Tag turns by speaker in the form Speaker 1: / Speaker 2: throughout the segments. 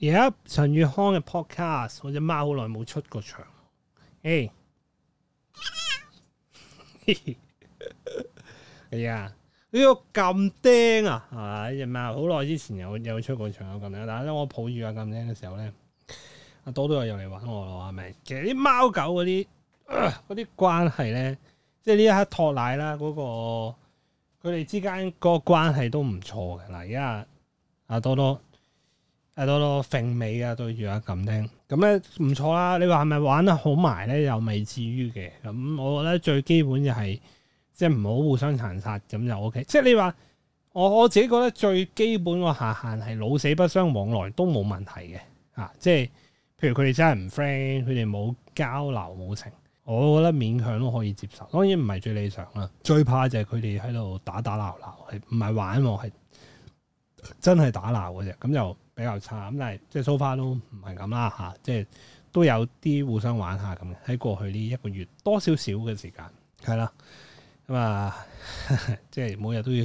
Speaker 1: 而家陳宇康嘅 podcast，我隻貓好耐冇出過場。哎，哎呀，呢個撳釘啊，係嘛，隻貓好耐之前有有出過場有撳釘，但係咧我抱住阿撳釘嘅時候咧，阿、啊、多多又嚟揾我咯，係咪？其實啲貓狗嗰啲嗰啲關係咧，即係呢一刻托奶啦，嗰、那個佢哋之間嗰個關係都唔錯嘅。嗱、啊，而家阿多多。睇到咯，揈尾啊，對住阿撳丁，咁咧唔錯啦。你話係咪玩得好埋咧？又未至於嘅。咁、嗯、我覺得最基本就係即係唔好互相殘殺，咁就 OK。即係你話我我自己覺得最基本個下限係老死不相往來都冇問題嘅、啊。即係譬如佢哋真係唔 friend，佢哋冇交流冇情，我覺得勉強都可以接受。當然唔係最理想啦。最怕就係佢哋喺度打打鬧鬧，係唔係玩喎？係。真係打鬧嘅啫，咁就比較差。咁但係即係 so far 都唔係咁啦吓，即係都有啲互相玩下咁。喺過去呢一個月多少少嘅時間，係啦咁啊，呵呵即係每日都要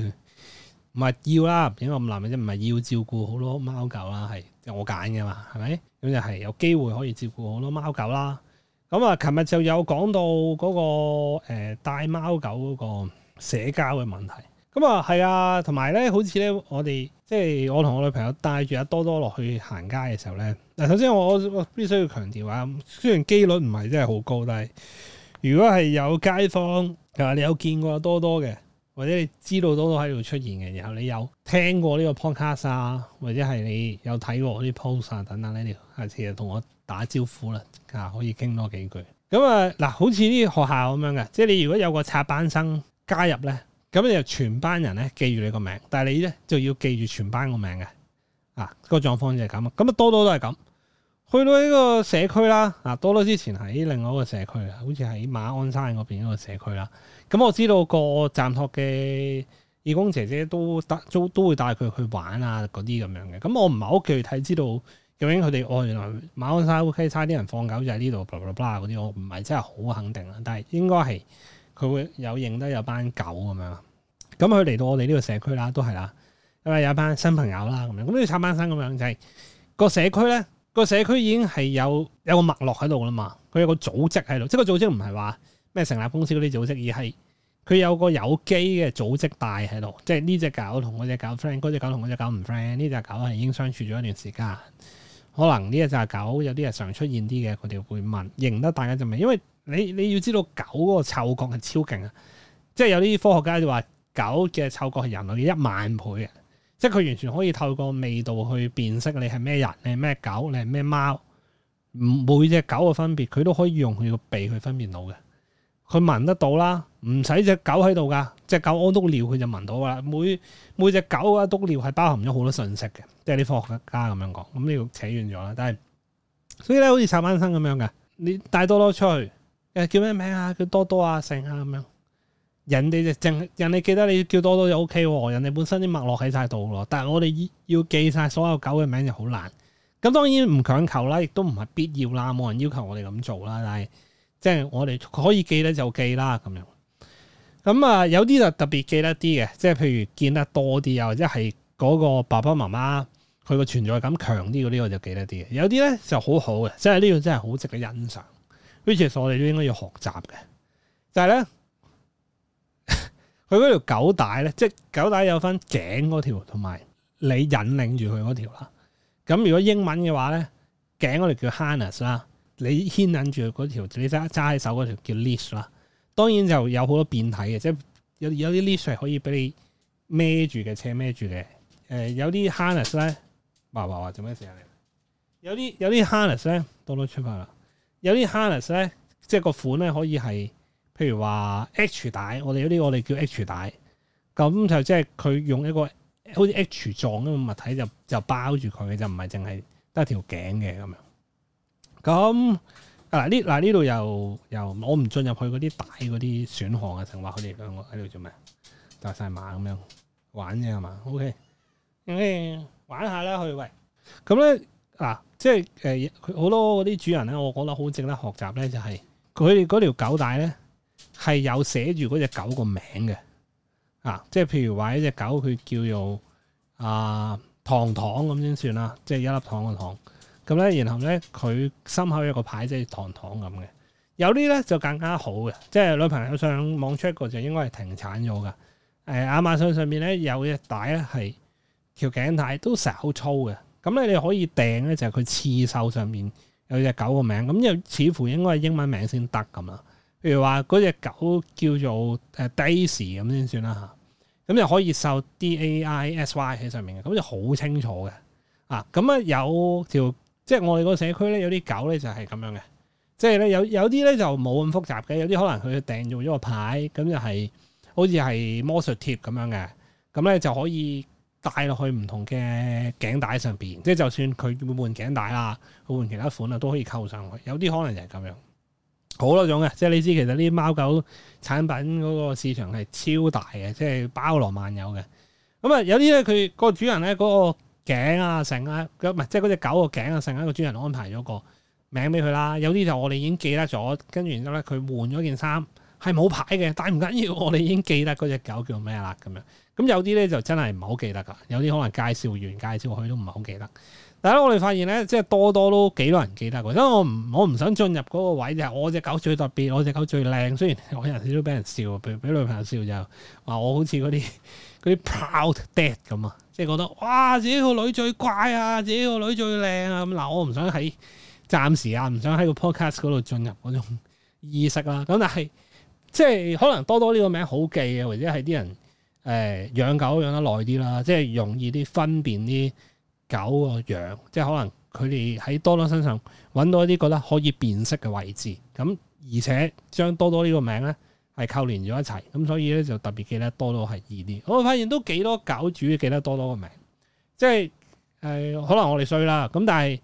Speaker 1: 唔係要啦。唔係咁難嘅啫，唔係要照顧好多貓狗啦。係我揀嘅嘛，係咪？咁就係有機會可以照顧好多貓狗啦。咁、嗯、啊，琴日就有講到嗰、那個誒帶貓狗嗰個社交嘅問題。咁啊係啊，同埋咧，好似咧我哋。即係我同我女朋友帶住阿多多落去行街嘅時候咧，嗱，首先我必須要強調啊，雖然機率唔係真係好高，但係如果係有街坊你有見過多多嘅，或者你知道多多喺度出現嘅，然後你有聽過呢個 podcast 啊，或者係你有睇過我啲 post 啊等等咧，下次就同我打招呼啦，啊，可以傾多幾句。咁啊，嗱，好似呢啲學校咁樣嘅，即係你如果有個插班生加入咧，咁你就全班人咧記住你個名，但你咧就要記住全班個名嘅，啊、那個狀況就係咁啊。咁啊多都係咁，去到呢個社區啦，啊多多之前喺另外一個社區啊，好似喺馬鞍山嗰邊一個社區啦。咁我知道個站託嘅義工姐姐都得都都會帶佢去玩啊嗰啲咁樣嘅。咁我唔喺好具睇知道究竟佢哋哦原來馬鞍山 OK 差啲人放狗就喺呢度，b l a b l a b l a 嗰啲我唔係真係好肯定，但係應該係。佢會有認得有班狗咁樣，咁佢嚟到我哋呢個社區啦，都係啦，因啊有班新朋友啦咁樣，咁要插班生咁樣就係個社區咧，個社區已經係有有個脈絡喺度噶啦嘛，佢有個組織喺度，即係個組織唔係話咩成立公司嗰啲組織，而係佢有個有機嘅組織帶喺度，即係呢隻狗同嗰隻狗 friend，嗰隻狗同嗰隻狗唔 friend，呢隻狗係已經相處咗一段時間，可能呢隻狗有啲係常出現啲嘅，佢哋會問認得大家就因為你你要知道狗嗰個嗅覺係超勁啊！即係有啲科學家就話狗嘅嗅覺係人類嘅一萬倍啊！即係佢完全可以透過味道去辨識你係咩人，你係咩狗，你係咩貓。每隻狗嘅分別，佢都可以用佢個鼻去分辨到嘅。佢聞得到啦，唔使隻狗喺度噶，隻狗屙篤尿佢就聞到啦。每每隻狗屙篤尿係包含咗好多信息嘅，即係啲科學家咁樣講。咁呢度扯遠咗啦。但係所以咧，好似插番生咁樣嘅，你帶多多出去。誒，叫咩名啊？叫多多啊，成啊咁樣。人哋就淨，人哋記得你叫多多就 OK。人哋本身啲脈絡喺晒度咯。但係我哋要記晒所有狗嘅名就好難。咁當然唔強求啦，亦都唔係必要啦，冇人要求我哋咁做啦。但係即係我哋可以記得就記啦，咁樣。咁啊，有啲就特別記得啲嘅，即係譬如見得多啲啊，或者係嗰個爸爸媽媽佢個存在感強啲嗰啲，我、呢個、就記得啲嘅。有啲咧就好好嘅，即係呢個真係好值得欣賞。呢啲我哋都應該要學習嘅，就係咧，佢嗰條狗帶咧，即係狗帶有分頸嗰條同埋你引領住佢嗰條啦。咁如果英文嘅話咧，頸嗰條叫 harness 啦，你牽引住嗰條，你揸揸手嗰條叫 leash 啦。當然就有好多變體嘅，即係有有啲 leash 係可以俾你孭住嘅，車孭住嘅。誒，有啲 harness 咧，話話話做咩事啊？有啲有啲 harness 咧，多多出發啦。有啲 harness 咧，即係個款咧可以係，譬如話 H 帶，我哋有啲我哋叫 H 帶，咁就即係佢用一個好似 H 狀嘅物體就就包住佢，就唔係淨係得條頸嘅咁樣。咁嗱呢嗱呢度又又我唔進入去嗰啲帶嗰啲選項嘅情日佢哋兩個喺度做咩？扎、就、晒、是、馬咁樣玩啫係嘛？OK，、嗯、玩下啦去喂。咁咧嗱。啊即係誒，佢，呃，好多嗰啲主人咧，我覺得好值得學習咧，就係佢哋條狗帶咧係有寫住嗰隻狗個名嘅啊。即係譬如話呢隻狗佢叫做啊，呃、糖糖咁先算啦，即係一粒糖個糖咁咧。然後咧佢心口有一個牌即係，就是、糖糖咁嘅。有啲咧就更加好嘅，即係女朋友上網 check 過就應該係停產咗噶。誒，呃，亞馬遜上面咧有隻帶咧係條頸帶，都成日好粗嘅。咁咧你可以訂咧就係佢刺繡上面有隻狗個名，咁又似乎應該係英文名先得咁啦。譬如話嗰隻狗叫做 Daisy 咁先算啦嚇，咁又可以繡 Daisy 喺上面嘅，咁就好清楚嘅。啊，咁啊有條即係、就是、我哋個社區咧有啲狗咧就係咁樣嘅，即係咧有有啲咧就冇咁複雜嘅，有啲可能佢訂做咗個牌，咁就係、是、好似係魔術貼咁樣嘅，咁咧就可以。帶落去唔同嘅頸帶上面，即係就算佢換頸帶啊，換其他款啊，都可以扣上去。有啲可能就係咁樣，好多種嘅。即係你知，其實呢啲貓狗產品嗰個市場係超大嘅，即係包羅萬有嘅。咁啊，有啲咧，佢個主人咧嗰個頸啊，成啊，唔係即係嗰隻狗個頸啊，成啊，個主人安排咗個名俾佢啦。有啲就我哋已經記得咗，跟住然之後咧，佢換咗件衫，係冇牌嘅，但係唔緊要，我哋已經記得嗰隻狗叫咩啦咁樣。咁有啲咧就真係唔係好記得噶，有啲可能介紹完介紹去都唔係好記得。但係咧，我哋發現咧，即係多多都幾多人記得㗎。因為我唔我唔想進入嗰個位就係我隻狗最特別，我隻狗最靚。雖然我有時都俾人笑，俾俾女朋友笑就話我好似嗰啲嗰啲 proud dad 咁啊，即係覺得哇，自己個女最乖啊，自己個女最靚啊。咁嗱，我唔想喺暫時啊，唔想喺個 podcast 嗰度進入嗰種意識啦。咁但係即係可能多多呢個名好記啊，或者係啲人。誒養狗養得耐啲啦，即係容易啲分辨啲狗個樣，即係可能佢哋喺多多身上搵到一啲覺得可以辨識嘅位置，咁而且將多多呢個名咧係扣連咗一齊，咁所以咧就特別記得多多係易啲。我會發現都幾多狗主要記得多多個名，即係、呃、可能我哋衰啦，咁但係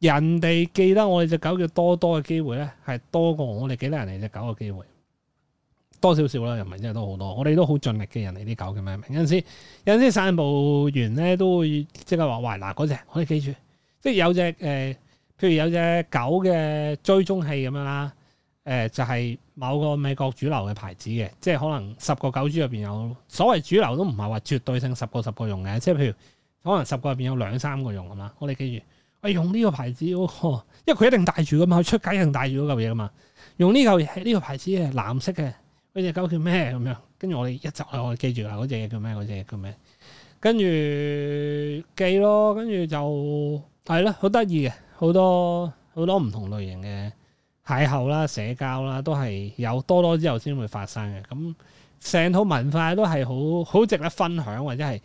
Speaker 1: 人哋記得我哋隻狗叫多多嘅機會咧，係多過我哋記得人哋隻狗嘅機會。多少少啦，又唔真係都好多。我哋都好盡力嘅人哋啲狗嘅咩有陣時，有陣時，有時散步員咧都會即刻話，喂、啊，嗱，嗰隻，我哋記住，即係有隻誒、呃，譬如有隻狗嘅追蹤器咁樣啦。誒、呃，就係、是、某個美國主流嘅牌子嘅，即係可能十個狗主入邊有所謂主流都唔係話絕對性十個十個用嘅，即係譬如可能十個入邊有兩三個用咁啦。我哋記住，我、哎、用呢個牌子喎，因為佢一定帶住噶嘛，佢出街一定帶住嗰嚿嘢噶嘛。用呢嚿嘢，呢、這個牌子係藍色嘅。嗰隻狗叫咩咁樣？跟住我哋一集我哋記住啦。嗰隻叫咩？嗰隻叫咩？跟住記咯，跟住就係咯，好得意嘅，好多好多唔同類型嘅邂逅啦、社交啦，都係有多多之後先會發生嘅。咁成套文化都係好好值得分享，或者係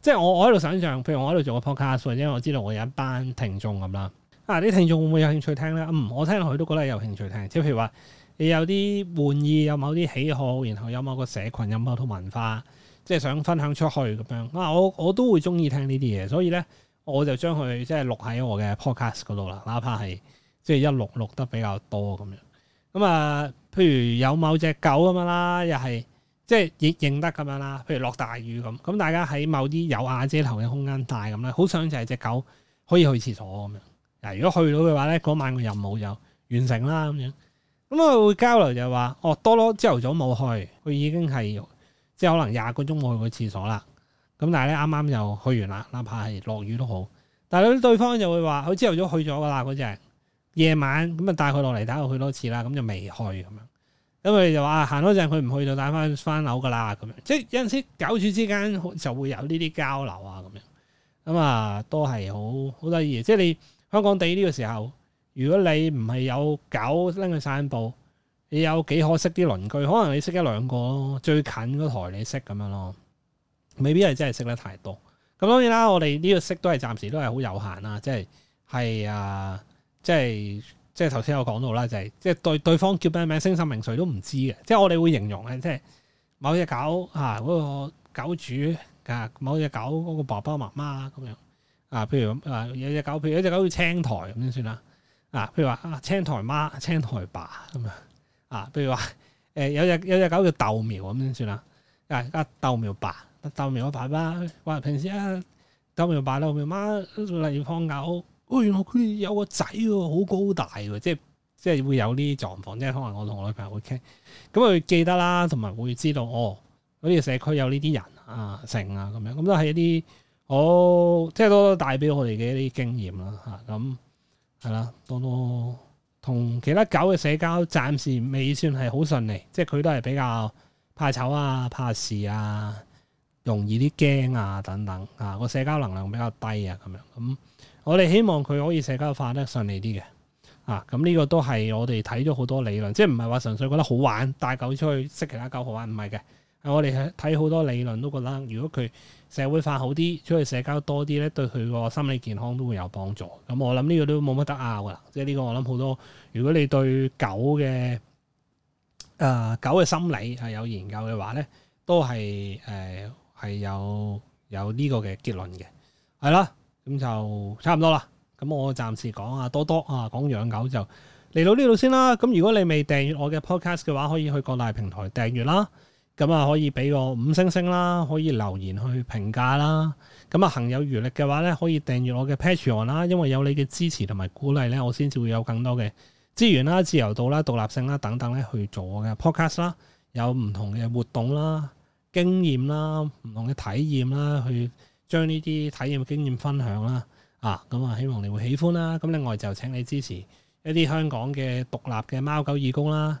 Speaker 1: 即係我我喺度想象，譬如我喺度做個 podcast，因為我知道我有一班聽眾咁啦。啊，啲聽眾會唔會有興趣聽咧？唔、嗯，我聽落去都覺得有興趣聽。即係譬如話。你有啲玩意，有某啲喜好，然後有某個社群，有某套文化，即係想分享出去咁樣。啊，我我都會中意聽呢啲嘢，所以咧，我就將佢即係錄喺我嘅 podcast 嗰度啦。哪怕係即係一錄錄得比較多咁樣。咁啊，譬如有某隻狗咁樣啦，又係即係認得咁樣啦。譬如落大雨咁，咁大家喺某啲有瓦遮頭嘅空間大咁咧，好想就係隻狗可以去廁所咁樣。嗱、啊，如果去到嘅話咧，嗰晚嘅任務就完成啦咁樣。啊咁佢會交流就話，哦多咯，朝頭早冇去，佢已經係即係可能廿個鐘冇去過廁所啦。咁但係咧，啱啱又去完啦，哪怕係落雨都好。但係咧對方就會話，佢朝頭早去咗噶啦嗰陣，夜、那個、晚咁啊帶佢落嚟，打，佢去多次啦，咁就未去咁樣。咁佢就話、啊、行多陣，佢唔去就帶翻翻樓噶啦咁樣。即係有陣時狗主之間就會有呢啲交流啊咁樣。咁、嗯、啊，都係好好得意即係你香港地呢個時候。如果你唔係有狗拎去散步，你有幾可識啲鄰居，可能你識一兩個咯，最近嗰台你識咁樣咯，未必係真係識得太多。咁當然啦，我哋呢個識都係暫時都係好有限啦，即係係啊，即係即係頭先我講到啦，就係、是、即係對對方叫咩名、姓、甚、名、誰都唔知嘅，即係我哋會形容嘅，即係某隻狗嚇嗰、啊嗰個狗主啊，某隻狗嗰、嗰個爸爸媽媽咁樣啊，譬如啊有隻狗，譬如有隻狗叫青苔咁先算啦。啊，譬如話啊青台媽、青台爸咁樣，啊，譬如話誒有隻有隻狗叫豆苗咁先算啦，啊豆苗爸、豆苗我爸啦，話平時啊豆苗爸豆苗媽例如放狗，哦原來佢有個仔喎，啊，好高大喎，即係即係會有呢啲狀況，即係可能我同我女朋友會傾，咁佢會記得啦，同埋會知道哦，嗰啲社區有呢啲人啊、姓啊咁樣，咁都係一啲，好即係都帶俾我哋嘅一啲經驗啦吓咁。啊係啦，多多同其他狗嘅社交暫時未算係好順利，即係佢都係比較怕醜啊、怕事啊、容易啲驚啊等等啊，個社交能量比較低啊咁樣。咁我哋希望佢可以社交化得順利啲嘅啊。咁呢個都係我哋睇咗好多理論，即係唔係話純粹覺得好玩，帶狗出去識其他狗好玩，唔係嘅。我哋睇好多理論都覺得，如果佢社會化好啲，出去社交多啲咧，對佢個心理健康都會有幫助。咁我諗呢個都冇乜得拗㗎喇。即係呢個我諗好多，如果你對狗嘅誒、呃、狗嘅心理係有研究嘅話咧，都係誒係有有呢個嘅結論嘅。係啦，咁就差唔多啦。咁我暫時講啊多多啊，講養狗就嚟到呢度先啦。咁如果你未訂閱我嘅 Podcast 嘅話，可以去各大平台訂閱啦。咁、嗯、啊，可以俾我五星星啦，可以留言去評價啦。咁、嗯、啊，行有餘力嘅話咧，可以訂閱我嘅 Patreon 啦，因為有你嘅支持同埋鼓勵咧，我先至會有更多嘅資源啦、自由度啦、獨立性啦等等咧去做我嘅 podcast 啦，有唔同嘅活動啦、經驗啦、唔同嘅體驗啦，去將呢啲體驗經驗分享啦。啊，咁、嗯、啊，希望你會喜歡啦。咁另外就請你支持一啲香港嘅獨立嘅貓狗義工啦。